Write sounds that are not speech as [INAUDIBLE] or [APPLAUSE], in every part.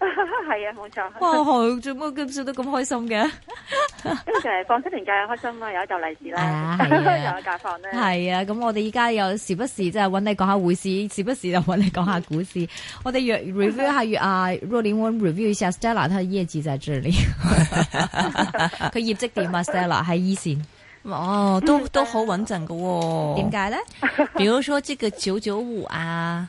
係 [LAUGHS] 啊，冇錯。哇，做乜今次都咁開心嘅？就 [LAUGHS] 係 [LAUGHS] 放七天假又開心啦，又有就利是啦，又有假放啦。係啊，咁、啊 [LAUGHS] 啊、我哋依家又時不時就揾你講下匯市 [LAUGHS] 時不時就揾你講 [LAUGHS] 下股市。我哋若 review 下月啊，Rolling One review 下 [LAUGHS] Stella，佢業績在邊？佢業績點啊？Stella 喺二線。哦，都都好穩陣噶。點解咧？ [LAUGHS] 比如說即個九九五啊。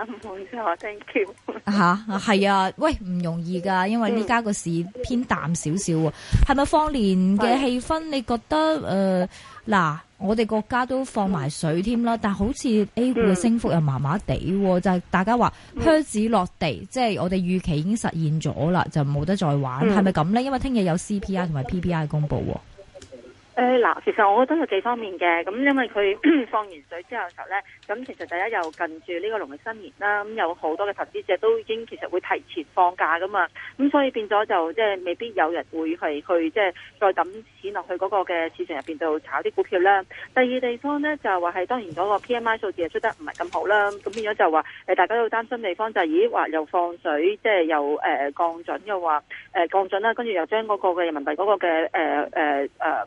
唔好意思，我 thank you。吓、 [LAUGHS] 啊，係啊，喂，唔容易噶，因為呢家個市偏淡少少。係咪、嗯、放年嘅氣氛？是你覺得誒，嗱、呃，我哋國家都放埋水添啦，嗯、但好似 A 股嘅升幅又麻麻地，嗯、就係大家話靴子落地，嗯、即係我哋預期已經實現咗啦，就冇得再玩，係咪咁咧？因為聽日有 CPI 同埋 PPI 公布。誒嗱、呃，其實我覺得有幾方面嘅，咁因為佢 [COUGHS] 放完水之後嘅時候咧，咁其實大家又近住呢個農曆新年啦，咁有好多嘅投資者都已經其實會提前放假噶嘛，咁所以變咗就即係未必有人會係去，去即係再抌錢落去嗰個嘅市場入邊度炒啲股票啦。第二地方咧就話係當然嗰個 P M I 數字係出得唔係咁好啦，咁變咗就話誒，大家都擔心地方就係、是，咦話又放水，即係又誒、呃、降準又話誒、呃、降準啦，跟住又將嗰個嘅人民幣嗰個嘅誒誒誒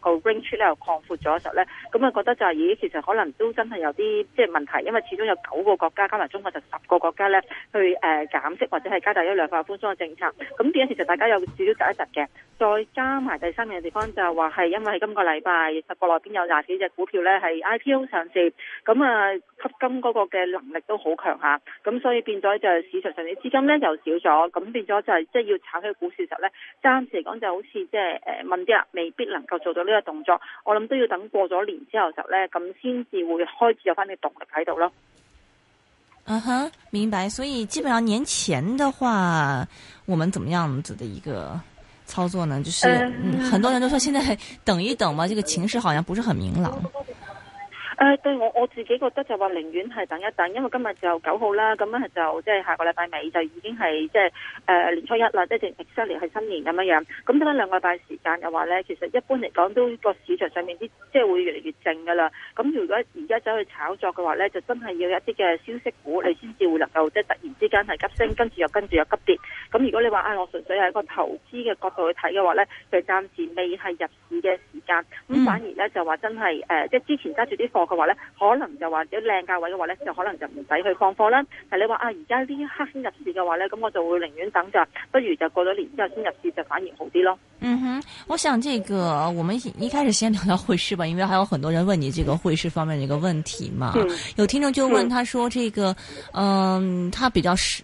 個。呃呃呃出又擴闊咗時候呢，咁啊覺得就係、是、咦，其實可能都真係有啲即係問題，因為始終有九個國家加埋中國就十個國家呢去誒、呃、減息或者係加大一兩份寬鬆嘅政策。咁變咗其實大家有少少窒一窒嘅。再加埋第三樣地方就係話係因為今個禮拜十個內邊有廿幾隻股票呢係 IPO 上市，咁啊吸金嗰個嘅能力都好強吓。咁所以變咗就係市場上啲資金呢又少咗，咁變咗就係即係要炒起股市時候呢，暫時嚟講就好似即係誒啲啦，未必能夠做到呢個動。我諗都要等過咗年之後就咧，咁先至會開始有翻啲動力喺度咯。嗯哼、uh huh，明白。所以基本上年前的話，我們怎麼樣子的一個操作呢？就是、uh huh. 嗯、很多人都說，現在等一等嘛，這個情勢好像不是很明朗。誒、呃、對我，我我自己覺得就話寧願係等一等，因為今日就九號啦，咁樣就即係下個禮拜尾就已經係即係誒年初一啦，即係即係新年係新年咁樣樣。咁等翻兩個禮拜時間嘅話呢，其實一般嚟講都個市場上面啲即係會越嚟越靜噶啦。咁如果而家走去炒作嘅話呢，就真係要有一啲嘅消息股，你先至會能夠即係突然之間係急升，跟住又跟住又急跌。咁如果你話啊、哎，我純粹係一個投資嘅角度去睇嘅話呢，就暫暫時未係入市嘅時間，咁反而呢，就話真係即係之前揸住啲貨。佢話咧，可能就話有靚價位嘅話咧，就可能就唔使去放貨啦。但係你話啊，而家呢一刻先入市嘅話咧，咁我就會寧願等就不如就過咗年之後先入市，就反而好啲咯。嗯哼，我想呢、這個我們一開始先聊聊匯市吧，因為還有很多人問你呢個匯市方面呢個問題嘛。嗯、有聽眾就問，他說：，這個，嗯、呃，他比較是。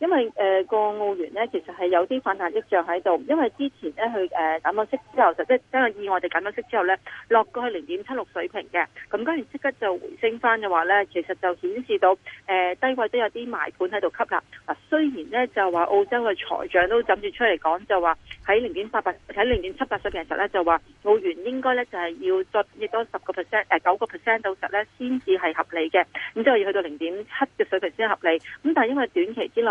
因為誒個、呃、澳元咧，其實係有啲反彈跡象喺度，因為之前咧佢誒減咗息之後，就即係意外地減咗息之後咧，落過去零點七六水平嘅，咁跟住即刻就回升翻嘅話咧，其實就顯示到誒、呃、低位都有啲買盤喺度吸納。嗱、啊，雖然咧就話澳洲嘅財長都諗住出嚟講，就話喺零點八八、喺零點七八水平嘅時候咧就話澳元應該咧就係要再跌多十個 percent，誒九個 percent 到實咧先至係合理嘅，咁之後要去到零點七嘅水平先合理。咁但係因為短期之內。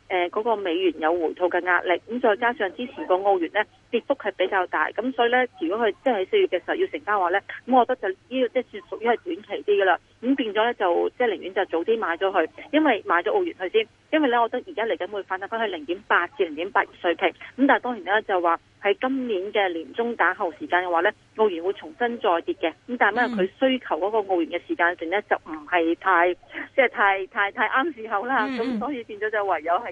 誒，嗰、呃嗰個美元有回吐嘅壓力，咁再加上之前個澳元呢跌幅，係比較大，咁所以呢，如果佢即係喺四月嘅時候要成交話呢，咁我覺得就呢個即係算屬於係短期啲噶啦，咁變咗呢，就即係寧願就早啲買咗佢，因為買咗澳元去先，因為呢，我覺得而家嚟緊會反彈翻去零點八至零點八二水平。咁但係當然呢，就話喺今年嘅年中打後時間嘅話呢，澳元會重新再跌嘅，咁但係因為佢需求嗰個澳元嘅時間性呢，就唔係太即係太太太啱時候啦，咁所以變咗就唯有係。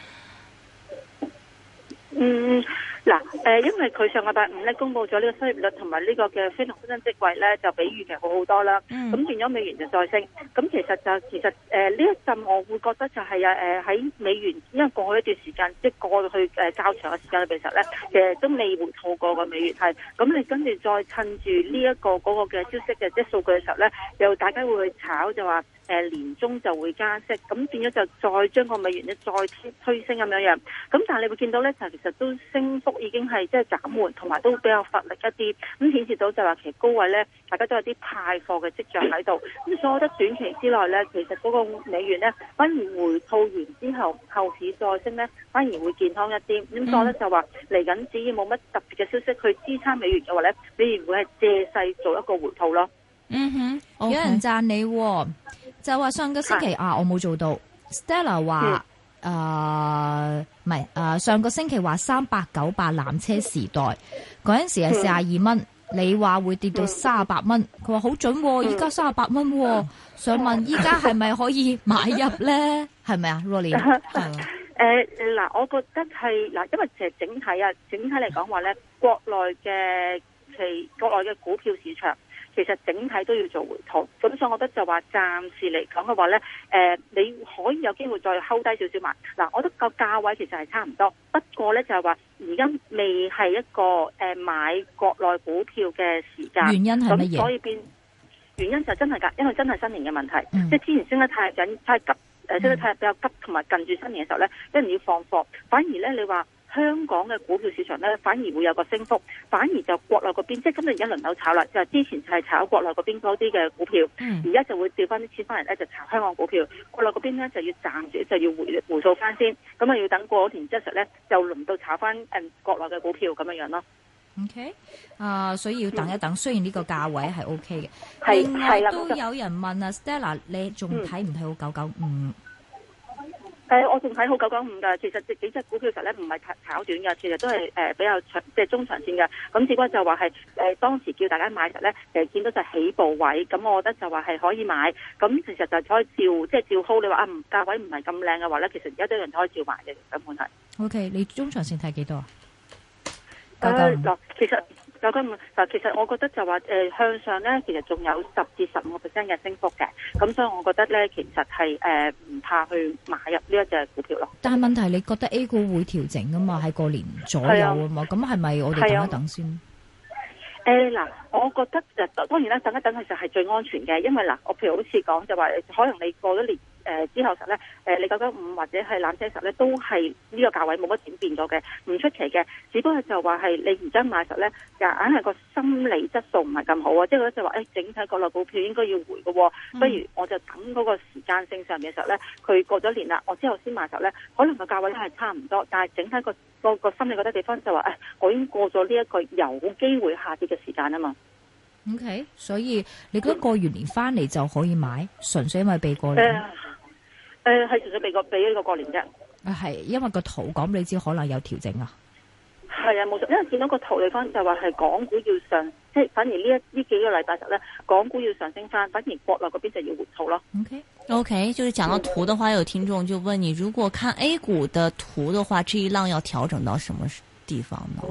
嗯嗯，嗱，因為佢上個禮拜五咧，公布咗呢個失業率同埋呢個嘅非農新增職位咧，就比預期好好多啦。咁變咗美元就再升。咁其實就其實誒呢一陣，我會覺得就係啊喺美元，因為過去一段時間，即係過去誒較長嘅時間嘅時候咧，其實都未回吐過個美元係。咁你跟住再趁住呢一個嗰個嘅消息嘅即係數據嘅時候咧，又大家會去炒就話。誒，年中就會加息，咁變咗就再將個美元咧再推升咁樣樣，咁但係你會見到咧，就其實都升幅已經係即係減緩，同埋都比較乏力一啲，咁顯示到就話其實高位咧，大家都有啲派貨嘅跡象喺度，咁所以我覺得短期之內咧，其實嗰個美元咧，反而回吐完之後後市再升咧，反而會健康一啲，咁所以咧就話嚟緊只要冇乜特別嘅消息，去支撐美元嘅話咧，美元會係借勢做一個回吐咯。嗯哼，Okay 有人讚你、啊，就話上個星期啊，啊，我冇做到。Stella 話誒，唔係誒，上個星期話三百九百纜車時代嗰陣時係四廿二蚊，嗯、你話會跌到三十八蚊，佢話好準、啊，依家三十八蚊，啊嗯、想問依家係咪可以買入咧？係咪 [LAUGHS] [LAUGHS] 啊 Rolly 誒，嗱、呃，我覺得係嗱，因為其實整體啊，整體嚟講話咧，國內嘅其國內嘅股票市場。其實整體都要做回吐，咁所以我覺得就話暫時嚟講嘅話呢，誒、呃，你可以有機會再 hold 低少少買。嗱、呃，我覺得個價位其實係差唔多，不過呢就係話而家未係一個誒、呃、買國內股票嘅時間。原因係乜嘢？咁所以變原因就真係噶，因為真係新年嘅問題，嗯、即係之前升得太緊、太急，誒、呃、升得太比較急，同埋、嗯、近住新年嘅時候呢，一唔要放貨，反而呢你話。香港嘅股票市場咧，反而會有一個升幅，反而就國內嗰邊，即係今日而家輪到炒啦，就係、之前就係炒國內嗰邊多啲嘅股票，而家、嗯、就會調翻啲錢翻嚟咧，就炒香港股票。國內嗰邊咧就要暫時就要回回數翻先，咁啊要等過年之後咧，就輪到炒翻誒國內嘅股票咁樣樣咯。OK，啊、呃，所以要等一等，嗯、雖然呢個價位係 OK 嘅。係係啦。都有人問啊、嗯、Stella，你仲睇唔睇好九九五？誒、嗯，我仲睇好九九五噶。其實幾隻股票嘅時候咧，唔係炒短噶，其實都係誒、呃、比較長，即係中長線嘅。咁只不過就話係誒當時叫大家買實咧，誒、呃、見到就起步位。咁我覺得就話係可以買。咁其實就可以照，即係照 hold。你話啊，價位唔係咁靚嘅話咧，其實而家都有人可以照買嘅。根本係。O、okay, K，你中長線睇幾多啊？九九五、呃、其實。咁，嗱，其實我覺得就話誒、呃、向上咧，其實仲有十至十五個 percent 嘅升幅嘅，咁所以我覺得咧，其實係誒唔怕去買入呢一隻股票咯。但係問題你覺得 A 股會調整啊嘛？喺過年左右啊嘛，咁係咪我哋等一等先？誒嗱、啊呃，我覺得誒當然啦，等一等其實係最安全嘅，因為嗱，我譬如好似講就話，可能你過咗年。誒、呃，之後實咧，誒、呃，你九九五或者係纜車實咧，都係呢個價位冇乜點變咗嘅，唔出奇嘅。只不過就話係你而家買實咧，硬係個心理質素唔係咁好啊。即係咧就話、是、誒、哎，整體國內股票應該要回嘅、哦，不如我就等嗰個時間性上嘅時候咧，佢過咗年啦，我之後先買實咧，可能個價位都係差唔多，但係整體、那個個、那個心理嗰啲地方就話誒、哎，我已經過咗呢一個有機會下跌嘅時間啊嘛。O、okay, K，所以你覺得過完年翻嚟就可以買，純、嗯、粹因為避過誒，係、呃、純粹俾個俾呢個過年啫。啊，係因為個圖講俾你知可能有調整啊。係啊，冇錯，因為見到個圖嚟方就話係港股要上，即係反而呢一呢幾個禮拜實咧，港股要上升翻，反而國內嗰邊就要回吐咯。OK，OK，okay? okay, 就是講到圖的話，有聽眾就問你，如果看 A 股的圖的話，這一浪要調整到什麼地方呢？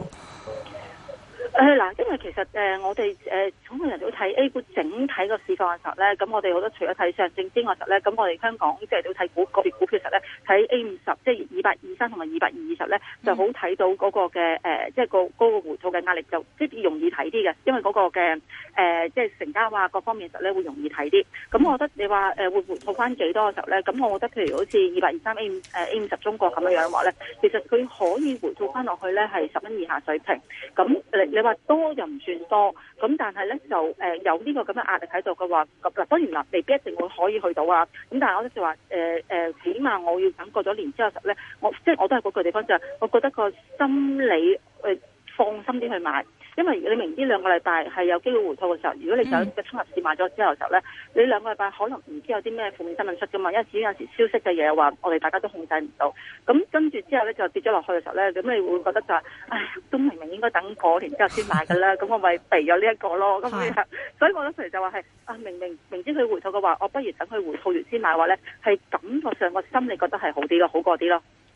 誒嗱， [MUSIC] 因為其實誒我哋誒總體人哋會睇 A 股整體個市況嘅時候咧，咁我哋好多除咗睇上證之外，實咧，咁我哋香港即係都睇股個別股票實咧，睇 A 五十即係二百二三同埋二百二二十咧，就好睇到嗰個嘅誒，即係個嗰個回吐嘅壓力就即係容易睇啲嘅，因為嗰個嘅誒，即、呃、係、就是、成交啊各方面實咧會容易睇啲。咁我覺得你話誒會回吐翻幾多嘅時候咧，咁我覺得譬如好似二百二三 A 五誒 A 五十中國咁樣樣話咧，其實佢可以回吐翻落去咧係十蚊以下水平。咁你你話多又唔算多，咁但係呢就誒有呢個咁嘅壓力喺度嘅話，嗱當然啦，未必一定會可以去到啊。咁但係我就話誒誒，起碼我要等過咗年之後實咧，我即係我都係嗰個地方就係，我覺得個心理誒、呃、放心啲去買。因為你明知兩個禮拜係有機會回吐嘅時候，如果你想喺個衝入市買咗之後嘅時候咧，你兩個禮拜可能唔知有啲咩負面新聞出噶嘛，因為始終有時消息嘅嘢話，我哋大家都控制唔到。咁跟住之後咧就跌咗落去嘅時候咧，咁你會覺得就係，唉、哎，都明明應該等過年之後先買噶啦，咁我咪避咗呢一個咯。咁 [LAUGHS] 所以我咧其實就話係，啊明明明，明知佢回吐嘅話，我不如等佢回吐完先買嘅話咧，係感覺上個心理覺得係好啲咯，好過啲咯。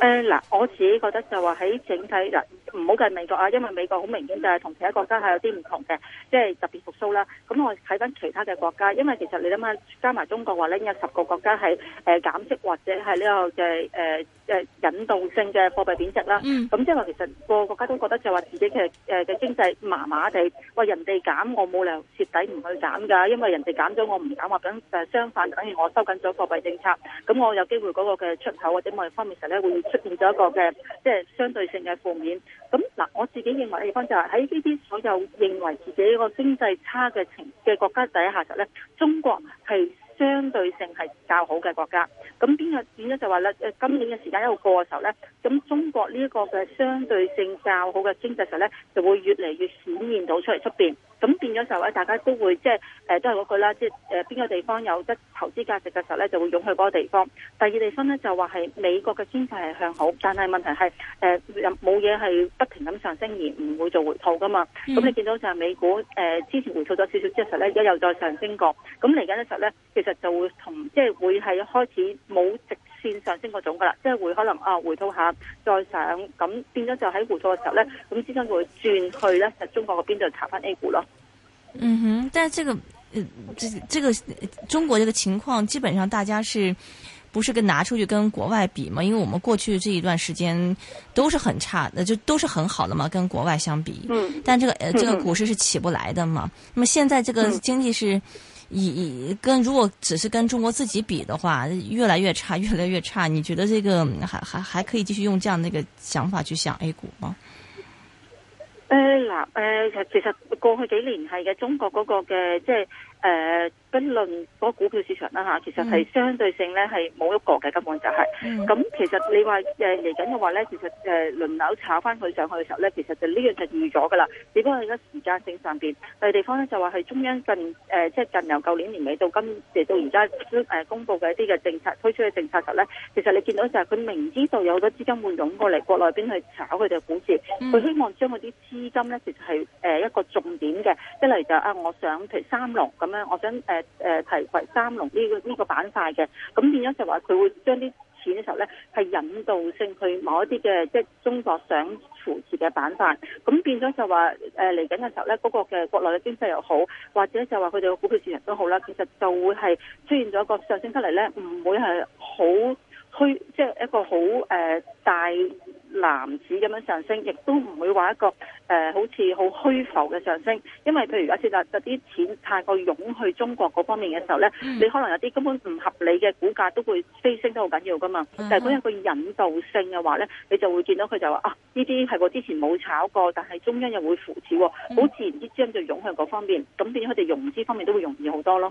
誒嗱、呃，我自己覺得就話喺整體嗱，唔好計美國啊，因為美國好明顯就係同其他國家係有啲唔同嘅，即、就、係、是、特別復甦啦。咁我睇返其他嘅國家，因為其實你諗下，加埋中國話拎有十個國家係、呃、減息或者係呢、這個嘅、呃、引導性嘅貨幣貶值啦。咁即係話其實個個國家都覺得就話自己嘅誒嘅經濟麻麻地，喂、呃、人哋減我冇理由徹底唔去減㗎，因為人哋減咗我唔減，話緊相反，等於我收緊咗貨幣政策，咁我有機會嗰個嘅出口或者某一方面實咧會。出現咗一個嘅，即係相對性嘅負面。咁嗱，我自己認為地方就係喺呢啲所有認為自己個經濟差嘅情嘅國家底下實、就、咧、是，中國係相對性係較好嘅國家。咁邊個變咗就話咧？誒，今年嘅時間一路過嘅時候咧，咁中國呢一個嘅相對性較好嘅經濟實咧，就會越嚟越顯現到出嚟出邊。咁變咗時候咧，大家都會即係、即係呃、都係嗰句啦，即係誒邊個地方有得投資價值嘅時候咧，就會湧去嗰個地方。第二地方咧就話係美國嘅經濟係向好，但係問題係冇嘢係不停咁上升而唔會做回吐㗎嘛。咁、嗯、你見到就係美股誒、呃、之前回吐咗少少之後咧，而家又再上升過。咁嚟緊嘅時候咧，其實就會同即係、即係、會係開始。冇直線上升嗰種噶啦，即係會可能啊回吐下再上，咁變咗就喺回吐嘅時候咧，咁資金會轉去咧，就中國嗰邊就炒翻 A 股咯。嗯哼，但係這個，呃，這 Okay. 這個中國呢個情況，基本上大家是，不是跟拿出去跟國外比嘛？因為我們過去這一段時間都是很差的，就都是很好的嘛，跟國外相比。嗯。但係這個，呃嗯、這個股市是起不來的嘛？咁啊，現在呢個經濟是。嗯以以跟如果只是跟中國自己比的話，越來越差，越來越差。你覺得這個還還還可以繼續用這樣那個想法去想 A 股嗎？誒、呃，嗱，誒，其實過去幾年係嘅中國嗰個嘅即係。就是誒、呃，跟論嗰個股票市場啦吓、啊，其實係相對性咧係冇一個嘅根本就係、是。咁、mm hmm. 嗯、其實你、呃、話誒嚟緊嘅話咧，其實誒輪、呃、流炒翻佢上去嘅時候咧，其實就呢樣就預咗噶啦。只不過而家時間性上邊，第二地方咧就話係中央近誒，即、呃、係近由舊年年尾到今，即到而家誒公布嘅一啲嘅政策推出嘅政策時咧，其實你見到就係佢明知道有好多資金會湧過嚟國內邊去炒佢哋嘅股市，佢、mm hmm. 希望將嗰啲資金咧，其實係誒一個重點嘅。一嚟就是、啊，我想譬如三龍。咁咧，我想誒誒提維三農呢、這個呢、這個板塊嘅，咁變咗就話佢會將啲錢嘅時候咧，係引導性去某一啲嘅即係中國想扶持嘅板塊，咁變咗就話誒嚟緊嘅時候咧，嗰、那個嘅國內嘅經濟又好，或者就話佢哋嘅股票市場都好啦，其實就會係出現咗個上升出嚟咧，唔會係好。虛即係一個好誒、呃、大男子咁樣上升，亦都唔會話一個誒、呃、好似好虛浮嘅上升，因為譬如有時就嗰啲錢太過湧去中國嗰方面嘅時候咧，你可能有啲根本唔合理嘅股價都會飛升得好緊要㗎嘛。但係嗰樣佢有個引導性嘅話咧，你就會見到佢就話啊，呢啲係我之前冇炒過，但係中央又會扶持喎、哦，好自然啲資金就湧向嗰方面，咁變咗佢哋融資方面都會容易好多咯。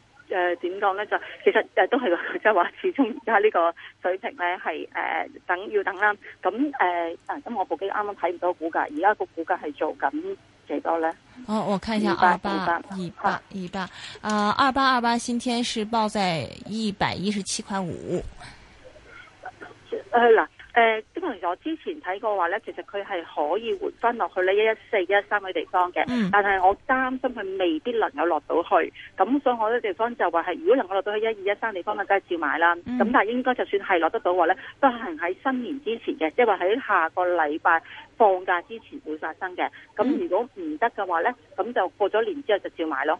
誒點講咧就其實誒、呃、都係即係話，始終而家呢個水平咧係誒等要等啦。咁、嗯、誒、呃、啊，咁、嗯、我部機啱啱睇唔到股價，而家個股價係做緊幾多咧？哦，我看一下二八二八二八啊，二八二八，今天是報在一百一十七塊五。係啦、啊。誒，即係、呃、我之前睇過話咧，其實佢係可以換翻落去咧，一一四一一三嘅地方嘅，嗯、但係我擔心佢未必能夠落到去，咁所以我啲地方就話係，如果能夠落到去一二一三地方，咪梗係照買啦。咁、嗯、但係應該就算係落得到話咧，都係喺新年之前嘅，即係話喺下個禮拜放假之前會發生嘅。咁如果唔得嘅話咧，咁、嗯、就過咗年之後就照買咯。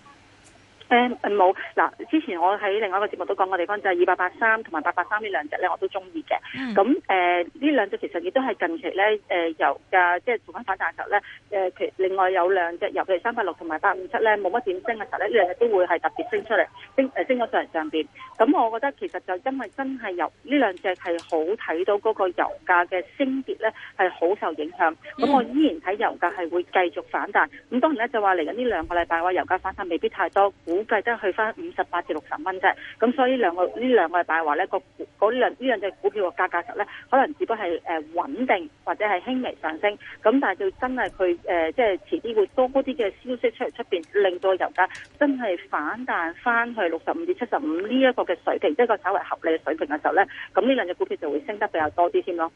冇嗱、嗯，之前我喺另外一個節目都講過地方，就係二八八三同埋八八三呢兩隻咧，我都中意嘅。咁誒呢兩隻其實亦都係近期咧誒、呃、油價即係逢反彈嘅時候咧，誒、呃、其另外有兩隻，尤其是三百六同埋八五七咧，冇乜點升嘅時候咧，呢兩隻都會係特別升出嚟，升誒、呃、升咗上嚟。上、嗯、邊。咁我覺得其實就因為真係油呢兩隻係好睇到嗰個油價嘅升跌咧，係好受影響。咁、嗯、我依然睇油價係會繼續反彈。咁當然咧就話嚟緊呢兩個禮拜話油價反彈未必太多股。計得去翻五十八至六十蚊啫，咁所以兩個，兩個呢兩個大拜話咧，個嗰呢兩呢兩隻股票嘅價格咧，可能只不過係誒穩定或者係輕微上升，咁但係就真係佢誒即係遲啲會多啲嘅消息出嚟，出邊，令到油價真係反彈翻去六十五至七十五呢一個嘅水平，即係個稍微合理嘅水平嘅時候呢。咁呢兩隻股票就會升得比較多啲添咯。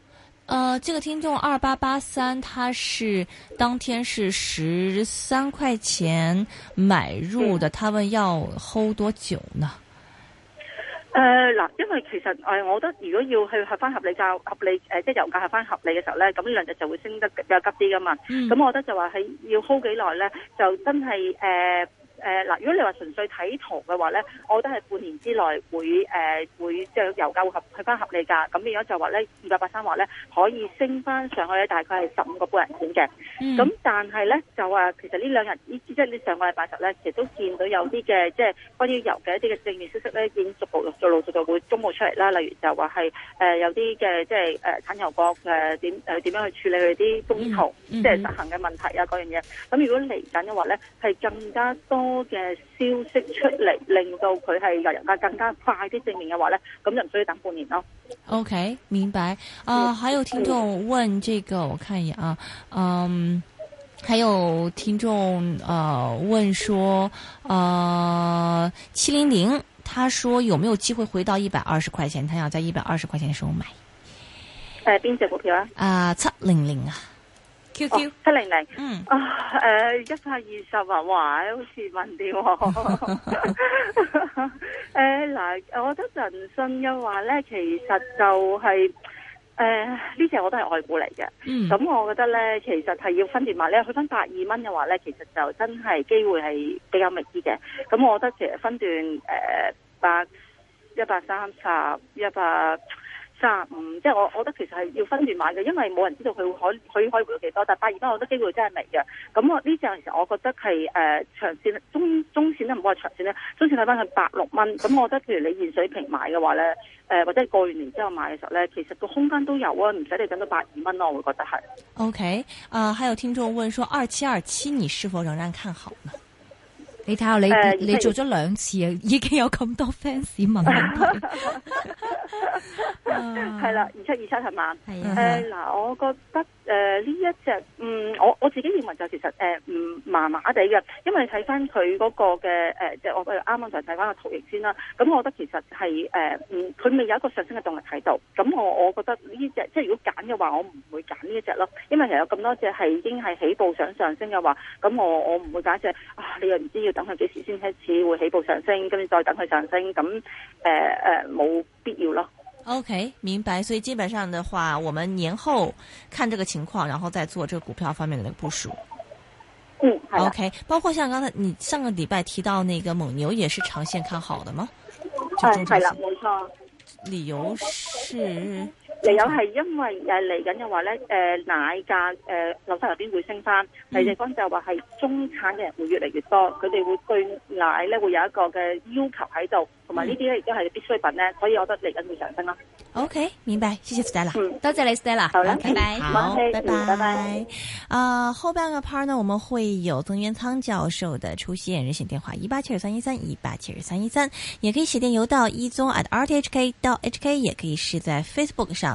呃，這個聽眾二八八三，他是當天是十三塊錢買入的，嗯、他們要 hold 多久呢？誒，嗱，因為其實誒、呃，我覺得如果要去合翻合理價、合理誒、呃，即係油價合翻合，合理嘅時候咧，咁呢兩日就會升得比較急啲噶嘛。咁、嗯、我覺得就話喺要 hold 幾耐咧，就真係誒。呃誒嗱，如果你話純粹睇圖嘅話咧，我覺得係半年之內會誒、呃、會即係油價會合係翻合理㗎。咁變咗就呢的話咧，二百八三話咧可以升翻上去大概係十五個半 percent 嘅。咁但係咧就話其實呢兩日呢即係呢上個禮拜十咧，其實都見到有啲嘅即係關於油嘅一啲嘅正面消息咧，已經逐步陸續陸續會公布出嚟啦。例如就話係誒有啲嘅即係誒產油國誒點誒點樣去處理佢啲供求即係失衡嘅問題啊嗰樣嘢。咁如果嚟緊嘅話咧，係更加多。多嘅消息出嚟，令到佢係由人家更加快啲證明嘅話咧，咁就唔需要等半年咯。OK，明白。啊、呃，還有聽眾問這個，我看一眼啊。嗯，還有聽眾啊、呃、問說，啊七零零，他說有沒有機會回到一百二十塊錢？他想在一百二十塊錢嘅時候買。誒、呃，邊隻股票啊？啊、呃，七零零啊。七零零，嗯，啊、哦，誒、呃，一百二十啊，哇，好似問啲，誒、 [LAUGHS] [LAUGHS] 呃，嗱，我覺得騰訊嘅話咧，其實就係、是，誒、呃，呢隻我都係外股嚟嘅。咁、嗯嗯、我覺得咧，其實係要分段買咧，去翻百二蚊嘅話咧，其實就真係機會係比較密啲嘅，咁我覺得其實分段，誒、呃，百一百三十，一百。三五，嗯，即係我，我覺得其實係要分段買嘅，因為冇人知道佢會可，佢可以回調幾多，但係八二蚊，我覺得機會真係微嘅。咁我呢隻其實我覺得係誒長線、中中線咧，唔好話長線咧，中線睇翻係八六蚊。咁我覺得，譬如你現水平買嘅話咧，誒、呃、或者過完年之後買嘅時候咧，其實個空間都有啊，唔使你等到八二蚊咯，我會覺得係。OK，啊、呃，還有聽眾問說，二七二七，你是否仍然看好呢？你睇下你、呃、你做咗兩次啊，呃、已經有咁多 fans 問啦，係啦、 [LAUGHS] [LAUGHS] 啊，二七二七係嘛？誒嗱，我覺得誒呢、呃、一隻，嗯，我我自己認為就其實誒唔麻麻地嘅，因為睇翻佢嗰個嘅誒，即、呃、係我啱啱就睇翻個圖形先啦。咁我覺得其實係誒，唔佢未有一個上升嘅動力喺度。咁我我覺得呢隻，即係如果揀嘅話，我唔會揀呢一隻咯，因為其實有咁多隻係已經係起步想上，上升嘅話，咁我我唔會揀隻啊，你又唔知要。等佢幾時先開始會起步上升，跟住再等佢上升，咁誒誒冇必要咯。OK，明白。所以基本上的話，我們年後看這個情況，然後再做這個股票方面的部署。嗯，OK。包括像剛才你上個禮拜提到那個蒙牛，也是長線看好的嗎？係係啦，冇錯，嗯。理由是。有係因為誒，嚟緊嘅話咧，誒、呃、奶價誒樓市入邊會升翻，第一方就話係中產嘅人會越嚟越多，佢哋會對奶咧會有一個嘅要求喺度，同埋呢啲咧亦都係必需品咧，所以我覺得嚟緊會上升啦。OK，明白，謝謝 Stella 嗯，多謝你 Stella 啦，好啦，拜拜，好，拜拜 Okay. bye，拜拜。啊，後半個 part 呢，我們會有曾元倉教授的出現，熱線電話一八七二三一三一八七二三一三，13, 13, 也可以寫電郵到一、e、宗 at rthk 到 hk，也可以是在 Facebook 上。